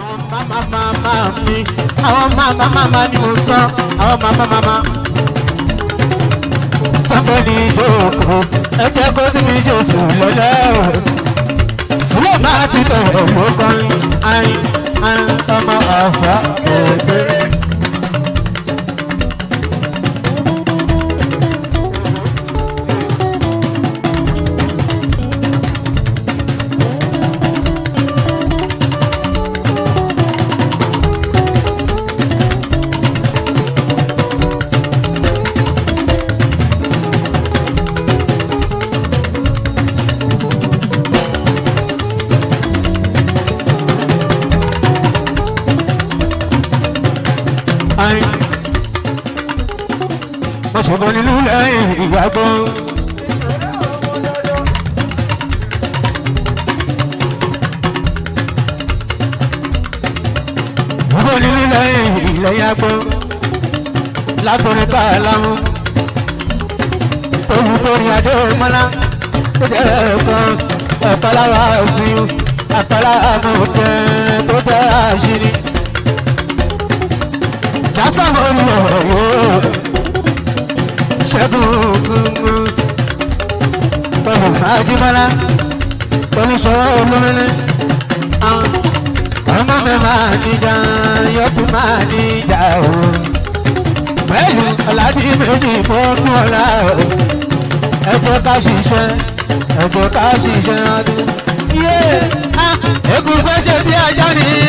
àwọn màmá màmá mi àwọn màmá màmá ni mo sọ àwọn màmá màmá. sábẹ́ni ìjókòó ẹ jẹ́ kó síbi ìjọsìn lọ́lẹ́ o. sílẹ̀ máa ti bẹ̀rẹ̀ mọ́kànlá àyìn àyìn ọmọ àfà kẹ̀kẹ́. ṣọ̀kan nínú lẹ́yìn ìgbàgbọ́. ṣọ̀kan nínú lẹ́yìn ìlẹ́yìn agbọ́ látọ̀rẹ́ bá a lámú. tóbi tóbi adé mọ́lá ó jẹ́ ẹ̀kan ọ̀pá lára òsín apá lára tó tẹ́ àṣírí. mọ́ra pẹ̀lú sọ̀rọ̀ olómìnir ọmọ mi máa níjà yọkù máa níjà o pẹ̀lú ọ̀làdí méjì fọ́ọ̀mù ọ̀la o ẹ̀kọ́ ká ṣiṣẹ́ ẹ̀kọ́ ká ṣiṣẹ́ ọdún. egun fẹ́ ṣe bí ajá nìyí.